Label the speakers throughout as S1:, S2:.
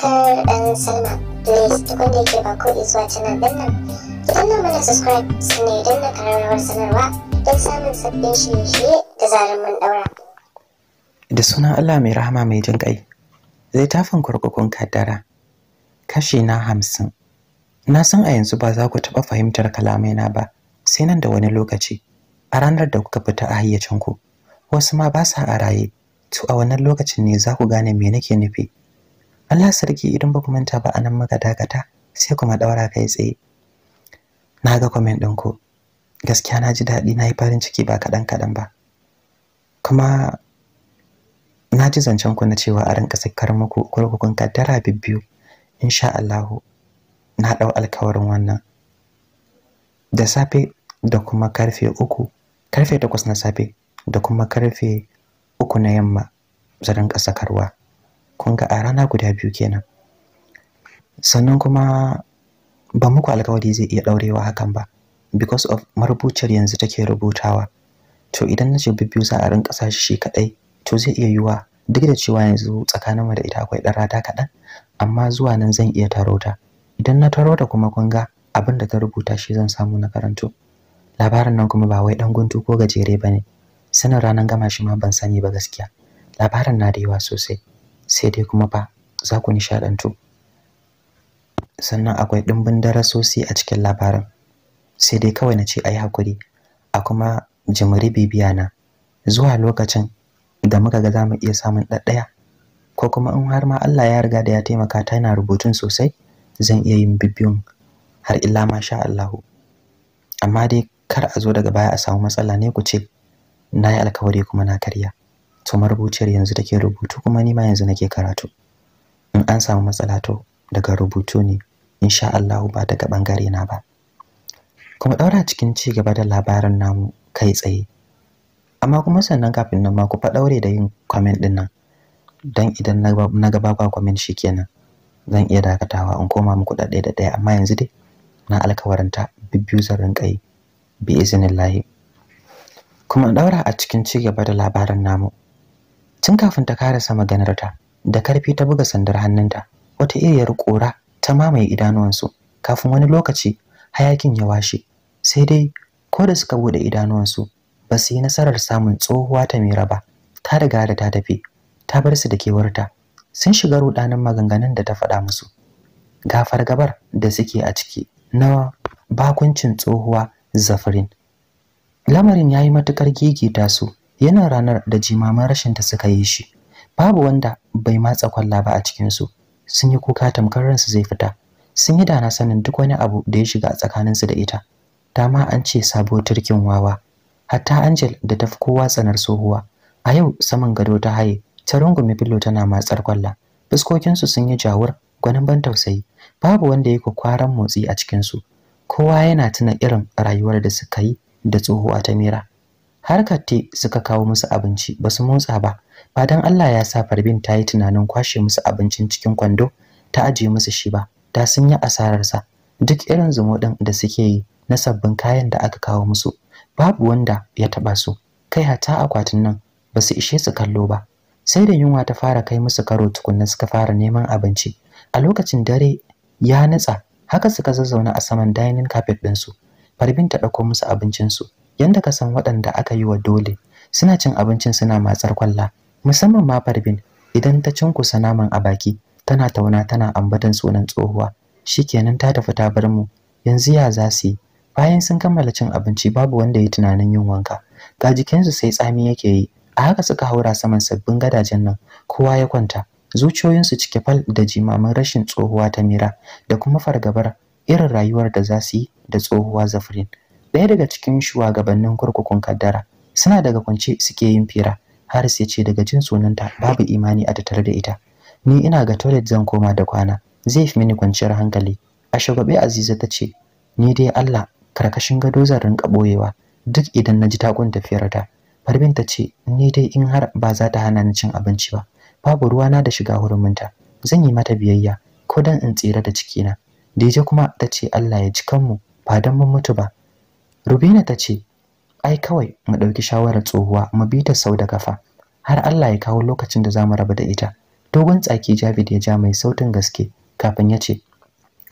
S1: subscribe and sign up. Please tukun da yake ba ko zuwa canal nan. Ki danna mana subscribe sannan idan na kararrawar sanarwa don samun sabbin shirye-shirye da zarar mun daura. Da sunan Allah mai rahama mai jin ƙai, zai tafin kurkukun kaddara, kashi na hamsin. Na san a yanzu ba za ku taɓa fahimtar kalamaina ba, sai nan da wani lokaci, a ranar da kuka fita a hayyacinku, wasu ma ba sa a raye, to a wannan lokacin ne za ku gane me nake nufi. Allah sarki idan ba ku manta ba anan muka dakata sai kuma daura kai tsaye na ga comment ɗin ku gaskiya na ji daɗi na yi farin ciki ba kaɗan kaɗan ba kuma na ji zancen ku na cewa a rinka sikkar muku kurkukun kaddara bibbiyu insha Allahu na ɗau alkawarin wannan da safe da kuma karfe uku karfe takwas na safe da kuma karfe uku na yamma zarin sakarwa sakarwa. Kunga a rana guda biyu kenan sannan kuma ba muku alkawari zai iya ɗaurewa hakan ba because of marubuciyar yanzu take rubutawa to idan na ce biyu za a rinka sa shi kaɗai to zai iya yiwa duk da cewa yanzu tsakaninmu da ita akwai ɗarata rata kaɗan amma zuwa nan zan iya taro ta idan na taro tarota kuma kunga ga abin da ta rubuta shi zan samu na karanto labarin nan kuma ba wai ɗan guntu ko gajere ba ne sanin ranar gama shi ma ban sani ba gaskiya labarin na da yawa sosai sai dai kuma fa za ku nishadantu sannan akwai dimbin darasosi a cikin labarin sai dai kawai na ce ai hakuri a kuma jimiri bibiya na zuwa lokacin da muka ga za mu iya samun ɗaɗɗaya ko kuma in har ma Allah ya riga da ya taimaka ta yana rubutun sosai zan iya yin bibiyun har illa ma sha Allahu amma dai kar a zo daga baya a samu matsala ne ku ce na yi alkawari kuma na karya to marubuciyar yanzu take rubutu kuma ni ma yanzu nake karatu in an samu matsala to daga rubutu ne insha Allah ba daga bangare na ba kuma daura cikin ci gaba da labarin namu kai tsaye amma kuma sannan kafin nan ma ku daure da yin comment din nan dan idan na ba ku comment kenan, zan iya dakatawa in koma muku da ɗaya da ɗaya amma yanzu dai na alkawaranta bibbiyu zan rinka yi bi izinillahi kuma daura a cikin ci gaba da labarin namu tun kafin ta karasa maganarta da karfi ta buga sandar hannunta wata iriyar kora ta mamaye idanuwansu kafin wani lokaci hayakin ya washe sai dai ko da suka bude idanuwansu ba su yi nasarar samun tsohuwa ta mira ba ta riga da ta tafi ta bar su da kewarta sun shiga rudanin maganganun da ta faɗa musu Gafar gabar da suke a ciki na bakuncin tsohuwa zafirin lamarin ya yi matukar gigita su yana ranar da jimaman rashinta ta suka yi shi babu wanda bai matsa kwalla ba a cikin su sun yi kuka tamkar ransu zai fita sun yi dana sanin duk wani abu da ya shiga a tsakaninsu da ita dama an ce sabo turkin wawa hatta Angel da tafi kowa tsanar tsohuwa, a yau saman gado ta haye ta rungume filo tana matsar kwalla fuskokinsu sun yi jawur gwanin ban tausayi babu wanda ya yi kwaran motsi a cikinsu kowa yana tuna irin rayuwar da suka yi da tsohuwa ta mira har katte suka kawo musu abinci ba su motsa ba ba dan Allah ya sa farbin ta yi tunanin kwashe musu abincin cikin kwando ta ajiye musu shi ba da sun yi asararsa duk irin zumuɗin da suke yi na sabbin kayan da aka kawo musu babu wanda ya taɓa su kai hata akwatin nan ba su ishe su kallo ba sai da yunwa ta fara kai musu karo tukunna suka fara neman abinci a lokacin dare ya natsa haka suka zazzauna a saman dining carpet ɗinsu farbin ta ɗauko musu abincinsu yanda ka san waɗanda aka yi wa dole suna cin abincin suna matsar kwalla musamman ma farbin idan ta cin kusa naman a baki tana tauna tana ambatan sunan tsohuwa Shi kenan ta tafi ta bar mu yanzu ya za su yi bayan sun kammala cin abinci babu wanda ya tunanin yin wanka ga jikinsu sai tsami yake yi a haka suka haura saman sabbin gadajen nan kowa ya kwanta zuciyoyinsu cike fal da jimamin rashin tsohuwa ta mira da kuma fargabar irin rayuwar da za su yi da tsohuwa zafirin ɗaya daga cikin shugabannin kurkukun kaddara suna daga kwance suke yin fira haris ya ce daga jin sunanta babu imani a tattare da ita ni ina ga toilet zan koma da kwana zai fi mini kwanciyar hankali a shagwabe aziza ta ce ni dai allah karkashin gado zan rinka boyewa duk idan na ji takun tafiyar ta farbin ta ce ni dai in har ba za ta hana ni cin abinci ba babu ruwa na da shiga huruminta zan yi mata biyayya ko dan in tsira da cikina dije kuma ta ce allah ya ji kanmu ba dan mun mutu ba Rubina ta ce, ai kawai mu ɗauki shawarar tsohuwa mu bi ta sau da kafa har Allah ya kawo lokacin da za mu rabu da ita. Dogon tsaki Javid ya ja mai sautin gaske kafin ya ce,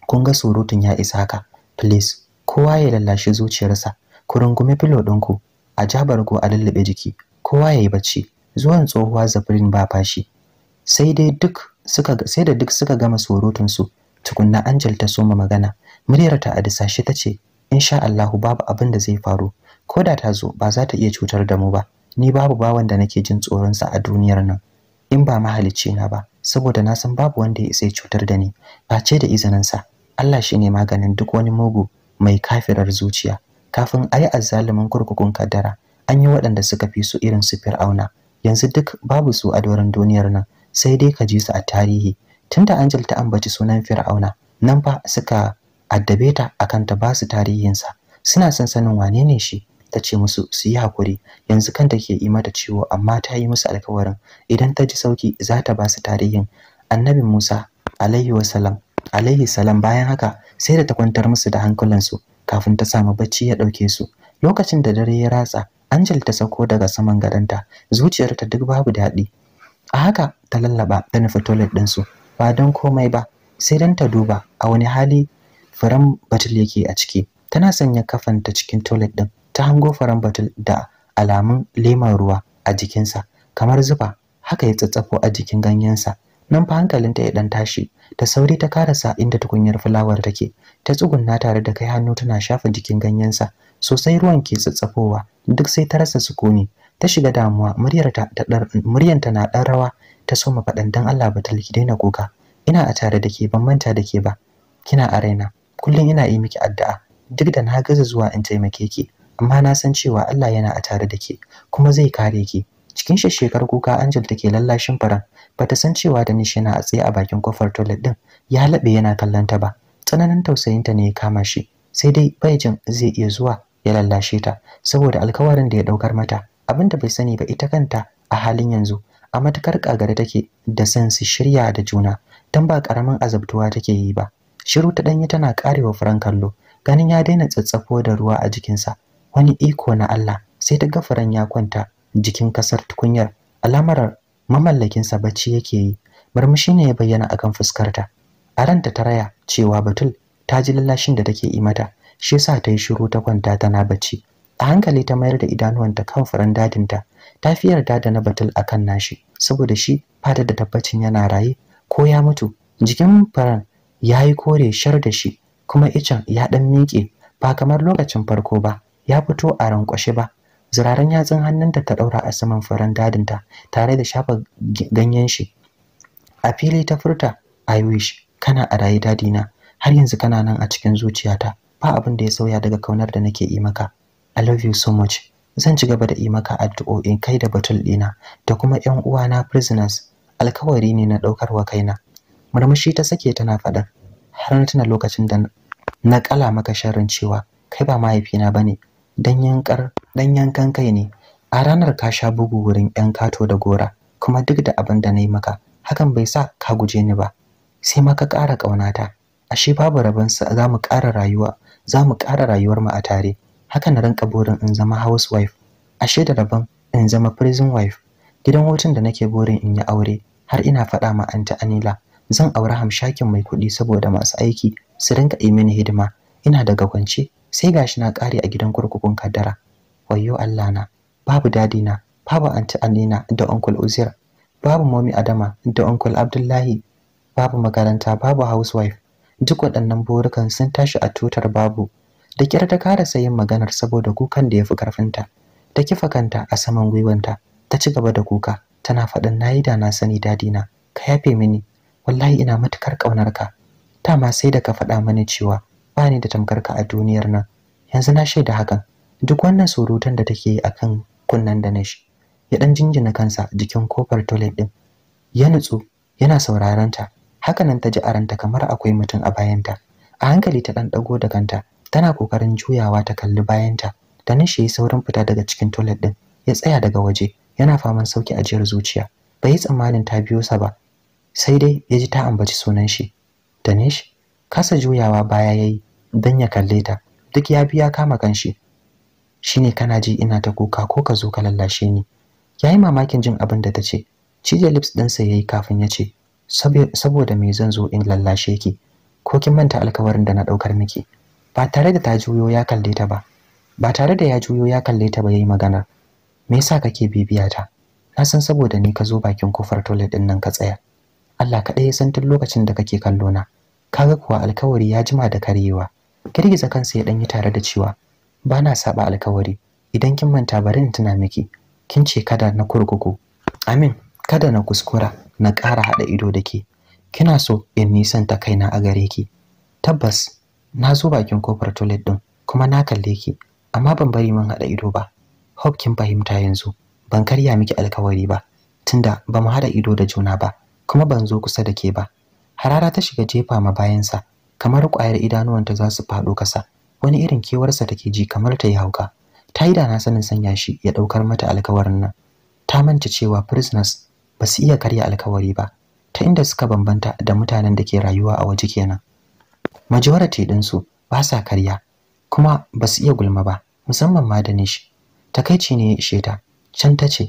S1: kun ga surutun ya isa haka, please kowa ya lallashi zuciyarsa, ku rungumi filo ɗinku, a ja bargo a lullube jiki, kowa ya yi bacci, zuwan tsohuwa zafirin ba fashi. Sai dai duk suka sai da duk suka gama surutunsu, tukunna Angel ta soma magana, muryar ta a dasashe ta ce, insha Allahu babu abin da zai faru ko da ta zo ba za ta iya cutar da mu ba ni babu bawan da nake jin sa a duniyar nan in ba mahalicci na ba saboda na san babu wanda ya isa cutar da ni face da izininsa Allah shine maganin duk wani mugu mai kafirar zuciya kafin ayi azzalumin kurkukun kaddara an yi waɗanda suka fi su irin su fir'auna yanzu duk babu su a doron duniyar nan sai dai ka ji su a tarihi tunda Angel ta ambaci sunan fir'auna nan fa suka addabe ta akan ta ba su tarihinsa suna son sanin wane ne shi ta ce musu su yi hakuri yanzu kanta ke yi mata ciwo amma ta yi musu alkawarin idan ta ji sauki za ta ba tarihin annabi Musa alaihi wasallam alaihi salam bayan haka sai da ta kwantar musu da hankulansu kafin ta samu bacci ya ɗauke su lokacin da dare ya ratsa Angel ta sauko daga saman gadonta zuciyarta duk babu daɗi a haka ta lallaba ta nufi toilet ɗinsu ba don komai ba sai don ta duba a wani hali faran batul yake a ciki tana sanya kafanta cikin toilet din ta hango faran batul da alamun leman ruwa a jikinsa kamar zuba haka ya tsatsafo a jikin ganyensa nan fa hankalinta ya dan tashi ta sauri ta karasa inda tukunyar fulawar take ta tsugunna tare da kai hannu tana shafa jikin ganyensa sosai ruwan ke tsatsafowa duk sai ta rasa sukuni ta shiga damuwa muryarta muryanta na dan rawa ta soma faɗan dan Allah batul ki daina kuka ina a tare da ke ban manta da ke ba kina a raina kullum ina yi miki addu'a duk da na gaza zuwa in taimake ki amma na san cewa Allah yana a tare da ke kuma zai kare ki cikin shekar kuka Angel take lallashin faran bata san cewa da nishi yana a tsaye a bakin kofar toilet din ya labe yana kallon ta ba tsananin tausayinta ne ya kama shi sai dai bai jin zai iya zuwa ya lallashe ta saboda alkawarin da ya daukar mata abinda bai sani ba ita kanta a halin yanzu a matakar kagare take da san su shirya da juna dan ba karamin azabtuwa take yi ba shiru ta danyi tana karewa furen kallo ganin ya daina tsatsafo da ruwa a jikinsa wani iko na Allah sai ta ga furen ya kwanta jikin kasar tukunyar alamar mamallakinsa bacci yake yi murmushi ne ya bayyana akan fuskarta a ranta ta raya cewa batul ta ji lallashin da take yi mata shi yasa ta yi shiru ta kwanta tana bacci a hankali ta mayar da idanuwan ta kan furen dadinta ta fi yarda da na batul akan nashi saboda shi fata da tabbacin yana raye ko ya mutu jikin furen ya yi kore shar da shi kuma icen ya ɗan miƙe ba kamar lokacin farko ba ya fito a rankwashe ba zuraren yatsun hannunta ta ɗaura a saman furen dadinta tare da shafa ganyen shi a fili ta furta i wish kana a rayu dadina har yanzu kana nan a cikin zuciyata ba abin da ya sauya daga kaunar da nake yi maka i love you so much zan ci gaba da yi maka addu'o'in kai da batul dina da kuma 'yan uwana prisoners alkawari ne na ɗaukar wa kaina murmushi ta sake tana faɗar har na tuna lokacin da na kala maka sharrin cewa kai ba mahaifina bane dan yankar dan yankan kai ne a ranar ka sha bugu wurin yan kato da gora kuma duk da abin da na yi maka hakan bai sa ka guje ni ba sai ma ka ƙara ƙaunata ashe babu rabon sa za mu ƙara rayuwa za mu ƙara rayuwar mu a tare haka na rinka burin in zama housewife ashe da rabon in zama prison wife gidan hutun da nake burin in yi aure har ina faɗa ma anta Anila zan aure hamshakin mai kuɗi saboda masu aiki su rinka yi mini hidima ina daga kwance sai gashi na ƙare a gidan kurkukun kaddara wayyo Allah na babu dadi na babu anti Alina da uncle Uzir babu mommy Adama da uncle Abdullahi babu makaranta babu housewife duk waɗannan burukan sun tashi a tutar babu da kyar ta kara sayin maganar saboda kukan da ya fi karfinta ta kifa kanta a saman gwiwanta ta ci gaba da kuka tana faɗin nayi da na sani na. ka yafe mini wallahi ina matukar kaunar ka dama sai da ka faɗa mani cewa ba ni da tamkar ka a duniyar nan yanzu na shaida hakan duk wannan surutan da take yi akan kunnan da nashi ya dan jinjina kansa jikin kofar toilet din ya nutsu yana sauraron ta nan ta ji aranta kamar akwai mutum a bayanta a hankali ta dan dago da kanta tana kokarin juyawa ta kalli bayanta da nishi ya saurin fita daga cikin toilet din ya tsaya daga waje yana faman sauki ajiyar zuciya bai yi tsammanin ta biyo sa ba sai dai ya ji ta ambaci sunan shi danish kasa juyawa baya yayi dan ya kalle ta duk ya biya kama kanshi shine kana ji ina ta kuka ko ka zo ka lallashe ni yayi mamakin jin abin da ta tace cije lips sa yayi kafin ya ce saboda me zan zo in lallashe ki ko kin manta alkawarin da na daukar miki ba tare da ta juyo ya kalle ta ba ba tare da ya juyo ya kalle ta ba yayi magana me yasa kake bibiya ta na san saboda ni ka zo bakin kofar toilet din nan ka tsaya Allah kaɗai ya san tun lokacin da kake kallo na kaga kuwa alkawari ya jima da karyewa girgiza kansa ya ɗanyi tare da cewa ba na saba alkawari idan kin manta bari in tuna miki kin ce kada na kurkuku amin kada na kuskura na ƙara haɗa ido da ke kina so in nisan ta kaina a gare ki tabbas na zo bakin kofar toilet ɗin. kuma na kalle ki amma ban bari min haɗa ido ba hope kin fahimta yanzu ban karya miki alkawari ba tunda ba mu haɗa ido da juna ba kuma ban zo kusa da ke ba harara ta shiga jefa ma bayansa kamar ƙwayar idanuwanta za su faɗo ƙasa wani irin kewarsa take ji kamar ta yi hauka ta yi dana sanin sanya shi ya ɗaukar mata alkawarin nan ta manta cewa prisoners ba su iya karya alkawari ba ta inda suka bambanta da mutanen da ke rayuwa a waje kenan majority ɗinsu ba sa karya kuma ba su iya gulma ba musamman ma da nishi takaici ne ya ishe ta can ta ce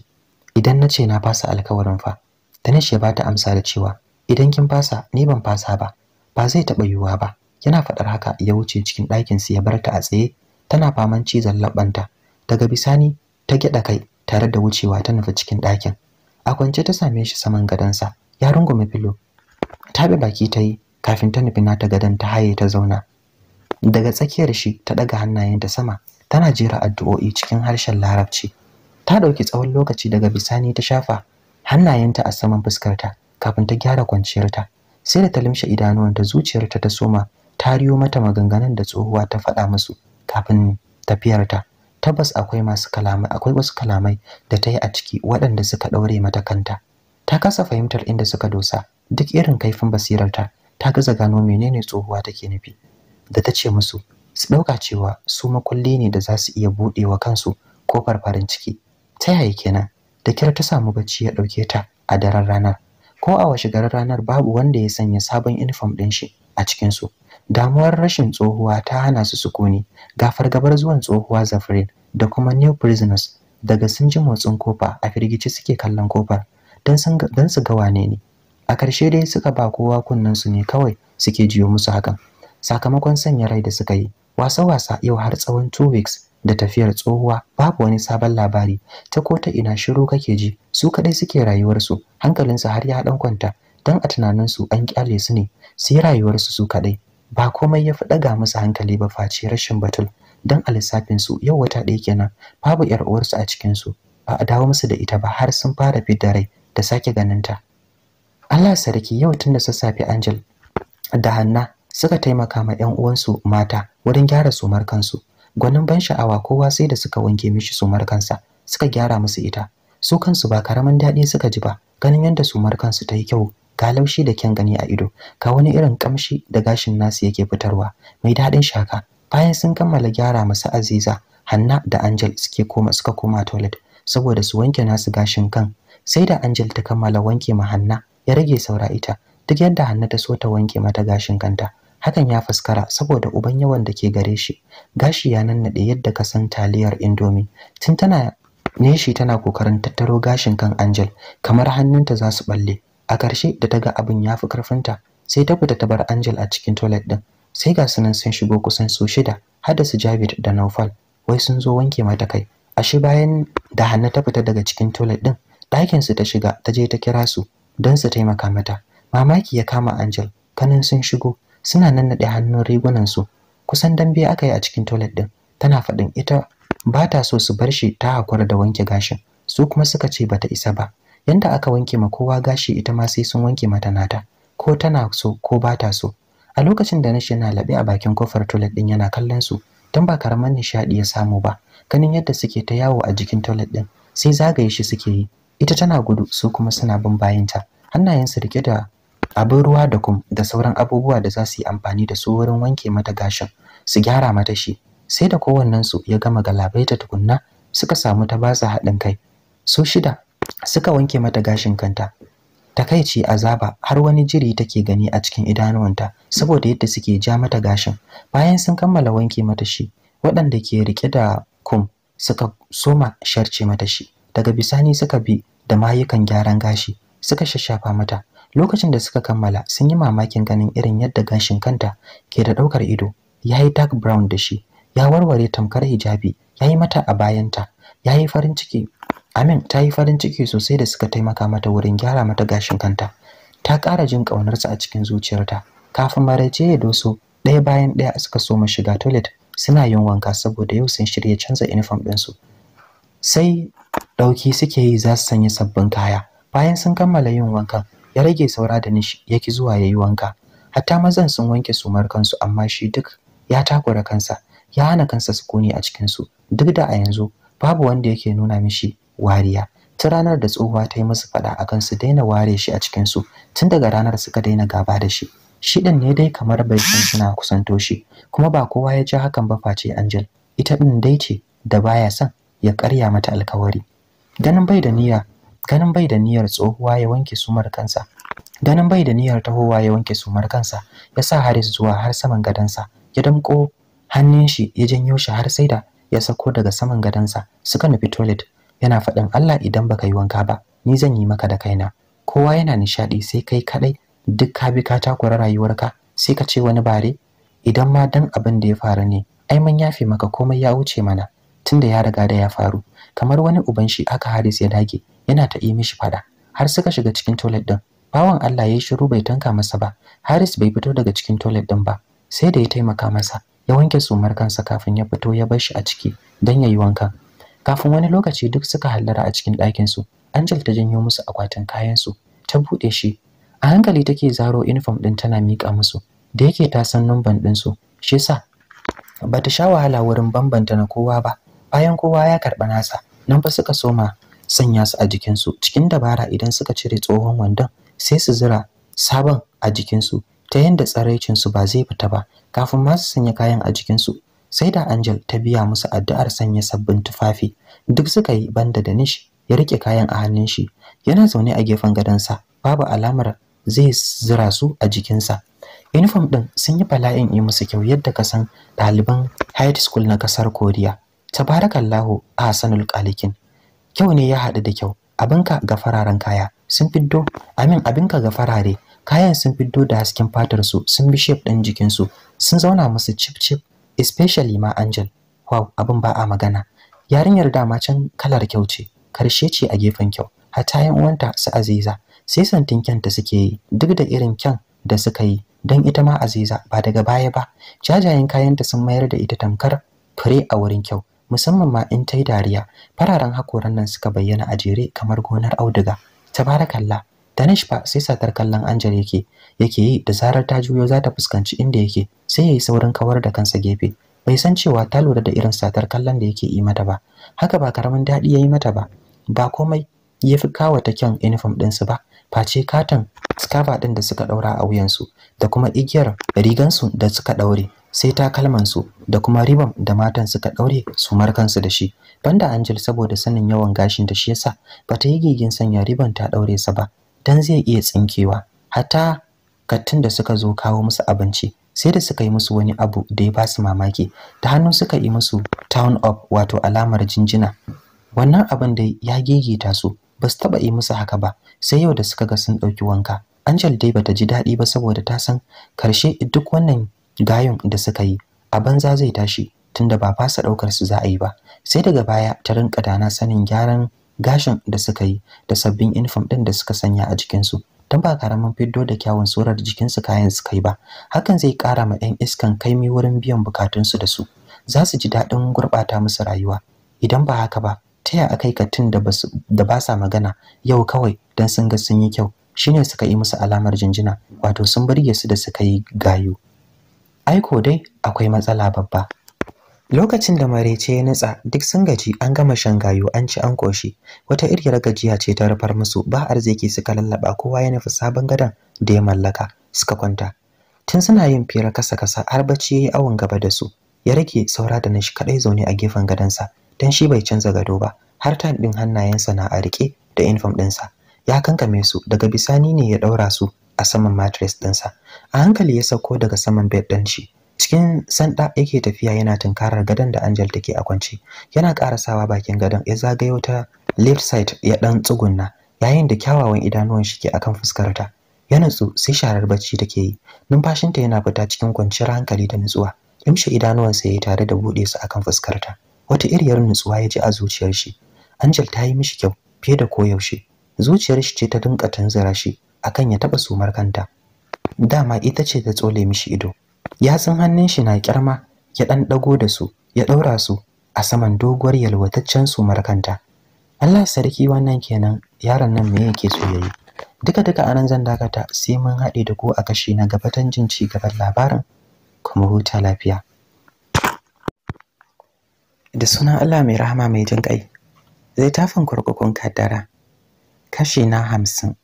S1: idan na ce na fasa alkawarin fa Tanish ya ta amsa da cewa idan kin fasa ni ban fasa ba ba zai taɓa yiwuwa ba yana faɗar haka ya wuce cikin ɗakin ɗakinsu ya barta a tsaye tana faman cizon labbanta daga bisani ta gyaɗa kai tare da wucewa ta nufi cikin ɗakin a kwance ta same shi saman gadonsa ya rungume filo ta bi baki ta yi kafin ta nufi nata gadon ta haye ta zauna daga tsakiyar shi ta ɗaga hannayenta sama tana jera addu'o'i cikin harshen larabci ta ɗauki tsawon lokaci daga bisani ta shafa hannayenta a saman fuskarta kafin ta gyara kwanciyarta sai da ta limshe idanuwanta zuciyarta ta soma tariyo mata maganganun da tsohuwa ta faɗa musu kafin tafiyarta tabbas akwai masu kalamai akwai wasu kalamai da ta yi a ciki waɗanda suka ɗaure mata kanta ta kasa fahimtar inda suka dosa duk irin kaifin basirarta ta gaza gano menene tsohuwa take nufi da ta ce musu su ɗauka cewa su makulli ne da za su iya buɗewa kansu ko farin ciki ta yaya kenan da kyar ta samu bacci ya ɗauke ta a daren ranar ko a washe garin ranar babu wanda ya sanya sabon uniform ɗin shi a cikin su damuwar rashin tsohuwa ta hana su sukuni ga fargabar zuwan tsohuwa Zafrin da kuma new prisoners daga sun ji motsin kofa a firgici suke kallon kofar don su ga wane ne a ƙarshe dai suka ba kowa kunnen su ne kawai suke jiyo musu hakan sakamakon sanya rai da suka yi wasa-wasa yau har tsawon 2 weeks da tafiyar tsohuwa babu wani sabon labari ta ko ta ina shiru kake ji su kadai suke rayuwarsu hankalinsu har ya dan kwanta dan a tunaninsu an kyale su ne su yi rayuwarsu su kadai ba komai ya fi daga musu hankali ba face rashin batul dan a lissafinsu yau wata ɗaya kenan babu yar uwarsu a cikinsu ba a dawo musu da ita ba har sun fara fidda rai da sake ganinta Allah sarki yau tun da sassafe Angel da Hanna suka taimaka ma 'yan uwansu mata wurin gyara sumar kansu gwanin ban sha'awa kowa sai da suka wanke mishi sumar kansa suka gyara musu ita su kansu ba karamin daɗi suka ji ba ganin yadda sumar kansu ta yi kyau ga laushi da kyan gani a ido ga wani irin kamshi da gashin nasu yake fitarwa mai daɗin shaka bayan sun kammala gyara masu aziza hanna da angel suke koma suka koma toilet saboda su wanke nasu gashin kan sai da angel ta kammala wanke ma hanna ya rage saura ita duk yadda hanna ta so ta wanke mata gashin kanta hakan ya faskara saboda uban yawan da ke gare shi gashi ya nannade yadda ka san taliyar indomi tun tana neshi tana kokarin tattaro gashin kan Angel kamar hannunta za su balle a ƙarshe da ta ga abin ya fi karfinta sai ta fita ta bar Angel a cikin toilet din sai ga sunan sun shigo kusan su shida hada su Javid da Naufal wai sun zo wanke mata kai ashe bayan da Hanna ta fita daga cikin toilet din ɗakin su ta shiga ta je ta kira su don su taimaka mata mamaki ya kama Angel kanin sun shigo suna nannaɗe hannun rigunansu kusan dambe aka yi a cikin toilet din tana faɗin ita ba ta so su bar shi ta hakura da wanke gashin su kuma suka ce bata isa ba yanda aka wanke ma kowa gashi ita ma sai sun wanke mata nata ko tana so ko ba ta so a lokacin da nashi yana laɓe a bakin kofar toilet din yana kallon su don ba karaman nishaɗi ya samu ba ganin yadda suke ta yawo a jikin toilet din sai zagaye shi suke yi ita tana gudu su kuma suna bin bayanta hannayensu rike da abin ruwa da kum da sauran abubuwa da za su yi amfani da su wurin wanke mata gashin su gyara mata shi sai da su ya gama galabai ta tukunna suka samu ta ba haɗin kai su shida suka wanke mata gashin kanta ta takaici azaba har wani jiri take gani a cikin idanuwanta saboda yadda suke ja mata gashin bayan sun kammala wanke mata shi waɗanda ke rike da kum suka soma sharce mata shi daga bisani suka bi da mayukan gyaran gashi suka shashafa mata lokacin da suka kammala sun yi mamakin ganin irin yadda gashin kanta ke da ɗaukar ido ya yi dark brown da shi ya warware tamkar hijabi ya yi mata a bayanta ya yi farin ciki amin ta yi farin ciki sosai da suka taimaka mata wurin gyara mata gashin kanta ta ƙara jin ƙaunarsa a cikin zuciyarta kafin maraice ya doso ɗaya bayan ɗaya suka so mu shiga toilet suna yin wanka saboda yau sun shirya canza uniform ɗinsu sai ɗauki suke yi za su sanya sabbin kaya bayan sun kammala yin wankan ya rage saura da nish ya zuwa yayi wanka hatta mazan sun wanke sumar kansu amma shi duk ya takura kansa ya hana kansa sukuni a cikin su duk da a yanzu babu wanda yake nuna mishi wariya ta ranar da tsohuwa ta yi musu faɗa akan su daina ware shi a cikin su tun daga ranar suka daina gaba da shi shi ɗin ne dai kamar bai san suna kusanto shi kuma ba kowa ya ji hakan ba face Angel ita din dai ce da baya son ya karya mata alkawari ganin bai da niyya ganin bai da niyyar tsohuwa ya wanke sumar kansa ganin bai da niyyar tahowa ya wanke sumar kansa ya sa Haris zuwa har saman gadansa ya damƙo hannun shi ya janyo shi har sai da ya sako daga saman gadansa suka nufi toilet yana faɗin Allah idan baka yi wanka ba ni zan yi maka da kaina kowa yana nishaɗi sai kai kaɗai duk ka bi ka takura rayuwarka sai ka ce wani bare idan ma dan abin da ya faru ne ai mun yafe maka komai ya wuce mana tunda ya riga da ya faru kamar wani uban shi aka Haris ya dage yana ta yi mishi fada har suka shiga cikin toilet din bawan Allah ya shiru bai tanka masa ba Haris bai fito daga cikin toilet din ba sai da ya taimaka masa ya wanke sumar kansa kafin ya fito ya bar shi a ciki dan yayi wanka kafin wani lokaci duk suka hallara a cikin ɗakin su Angel ta janyo musu akwatin kayan su ta bude shi a hankali take zaro uniform din tana mika musu da yake ta san numban din su shi yasa bata sha wahala wurin bambanta na kowa ba bayan kowa ya karɓa nasa nan fa suka soma sanya su a jikinsu cikin dabara idan suka cire tsohon wandon sai su zira sabon a jikinsu ta yadda tsaraicinsu ba zai fita ba kafin ma su sanya kayan a jikinsu sai da angel ta biya musu addu'ar sanya sabbin tufafi duk suka yi banda da nish ya rike kayan a hannun shi yana zaune a gefen gadonsa babu alamar zai zira su a jikinsa uniform din sun yi bala'in yi musu kyau yadda ka san ɗaliban high school na ƙasar koriya tabarakallahu ahsanul qalikin kyau ne ya haɗu da kyau abinka ga fararen kaya sun fiddo amin abinka ga farare kayan sun fiddo da hasken fatar su sun bi shape ɗin jikin su sun zauna musu chip chip especially ma Angel wow abin ba a magana yarinyar dama can kalar kyau ce karshe ce a gefen kyau hata yan uwanta su Aziza sai santin kyanta suke yi duk da irin kyan da suka yi don ita ma Aziza ba daga baya ba jajayen kayanta sun mayar da ita tamkar fure a wurin kyau musamman ma in ta yi dariya fararen hakoran nan suka bayyana a jere kamar gonar auduga tabarakallah danish ba sai satar kallon anjar yake yake yi da zarar ta juyo za ta fuskanci inda yake sai yayi saurin kawar da kansa gefe bai san cewa ta lura da irin satar kallon da yake yi mata ba haka ba karamin daɗi ya yi mata ba ba komai ya fi kawata kyan uniform ɗinsu ba face katon skaba ɗin da suka ɗaura a wuyansu da kuma igiyar rigansu da suka ɗaure sai su, da kuma ribam da matan suka ɗaure su markansu da shi banda Angel saboda sanin yawan gashin da shi yasa ta yi gigin sanya ribam ta ɗaure sa ba dan zai iya tsinkewa hatta kattun da suka zo kawo musu abinci sai da suka yi musu wani abu da ya basu mamaki da hannu suka yi musu town up wato alamar jinjina wannan abin da ya gegeta su ba su taba yi musu haka ba sai yau da suka ga sun ɗauki wanka Angel dai bata ji daɗi ba saboda ta san karshe duk wannan gayun da suka yi a banza zai tashi tunda ba fasa daukar su za a yi ba sai daga baya ta rinka dana sanin gyaran gashin da suka yi da sabbin uniform din da suka sanya a jikin su dan ba karaman fiddo da kyawun surar jikin su kayan su kai ba hakan zai kara ma ɗan iskan kaimi wurin biyan bukatun su da su za su ji daɗin gurɓata musu rayuwa idan ba haka ba taya ya akai katin da da ba sa magana yau kawai dan sun ga sun yi kyau shine suka yi musu alamar jinjina wato sun burge su da suka yi gayu. aiko dai akwai matsala babba lokacin da marece ya nutsa duk sun gaji an gama shangayo an ci an koshi wata iriyar gajiya ce ta rufar musu ba arziki suka lallaba kowa ya nufi sabon gadon da ya mallaka suka kwanta tun suna yin fira kasa kasa har bacci ya yi awon gaba da su ya rage saura da nashi kadai zaune a gefen gadonsa don shi bai canza gado ba har ta ɗin hannayensa na a riƙe da inifom ɗinsa, ya kankame su daga bisani ne ya ɗaura su a saman matres ɗinsa. a hankali ya sauko daga saman bed din shi cikin sanda yake tafiya yana tunkarar gadon da Angel take a kwance yana karasawa bakin gadon ya zagayo ta left side ya dan tsugunna yayin da kyawawan idanuwan shi ke akan fuskarta ya nutsu sai sharar bacci take yi numfashinta yana fita cikin kwanciyar hankali da nutsuwa limshe ya yayi tare da bude su akan fuskarta wata iriyar nutsuwa ya ji a zuciyar shi Angel ta yi mishi kyau fiye da koyaushe zuciyar shi ce ta dinka tanzara shi akan ya taba sumar kanta dama ita ce ta tsole mishi ido yatsun hannun shi na kyarma ya dan dago da su ya daura su a saman doguwar yalwataccen su markanta Allah sarki wannan kenan yaron nan me yake so yayi duka duka anan zan dakata sai mun haɗe da ko a kashi na gabatan jin ci gaban labarin kuma huta lafiya da sunan Allah mai rahama mai jin kai zai tafin kurkukun kaddara kashi na hamsin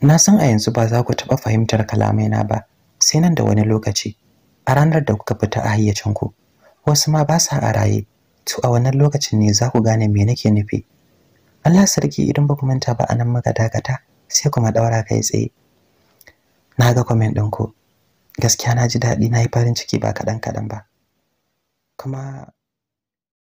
S1: Na san a yanzu ba za ku taɓa fahimtar kalamaina ba, sai nan da wani lokaci, a ranar da kuka fita a hayyacinku. Wasu ma ba sa a raye, to a wannan lokacin ne za ku gane me nake nufi. Allah sarki idan ba ku manta ba anan muka dakata, sai kuma ɗaura kai tsaye. Na ga kwamen ɗinku, gaskiya na ji daɗi na yi farin ciki ba kaɗan kaɗan ba. Kuma